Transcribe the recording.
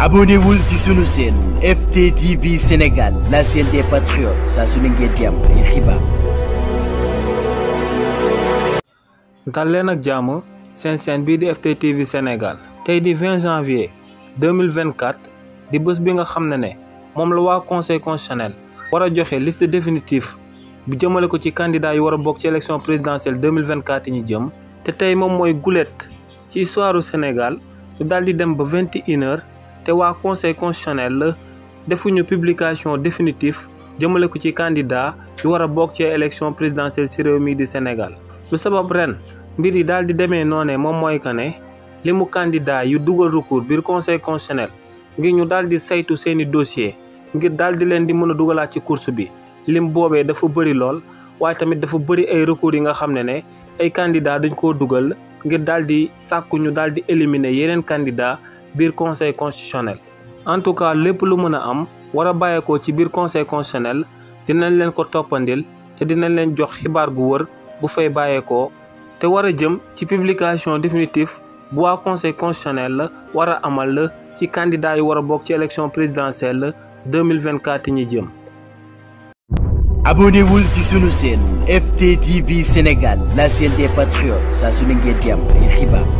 abonnez-vous sur notre chaîne FTTV Sénégal la chaîne des patriotes Ça, su ne ngeen di am ay xibaar. dal ak de FTTV Sénégal Tay 20 janvier 2024 di bés bi nga xam ne conseil constitutionnel liste définitive bu jëmale ko ci candidat yi l'élection ci élection présidentielle 2024 yi ñu jëm te tey moom mooy gulet ci Sénégal lu daal di dem ba 21 h te waa conseil la defuñu publication définitive jëmale ko ci candidat yu war a bokk ci élection présidentielle ci réew mii di Sénégal. lu sabab ren mbir yi daal di demee noonee moom mooy que ne li mu candidat yu dugal recours biir conseil constitutionnel ngir ñu daal di saytu seeni dossier ngir daal di leen di mën a dugalaat ci course bi lim boobee dafa bëri lool waaye tamit dafa bëri ay recours yi nga xam ne ne ay candidaa dañu koo dugal ngir daal di sàkku daal di éliminer yeneen candidat biir conseil constitutionnel en tout cas lépp lu mën a am war a bàyyeekoo ci biir conseil constitutionnel dinañ leen ko toppandil te dinañ leen jox xibaar gu wër bu fay bàyyeekoo te war a jëm ci publication définitive bu conseil constitutionnel wara amal la ci candidat yi war a bokk ci élection présidentielle 2024 ñi jëm. abonné vous ci sunu chaîne FTTV Sénégal la chaîne des patriotes saa su ne ngeen di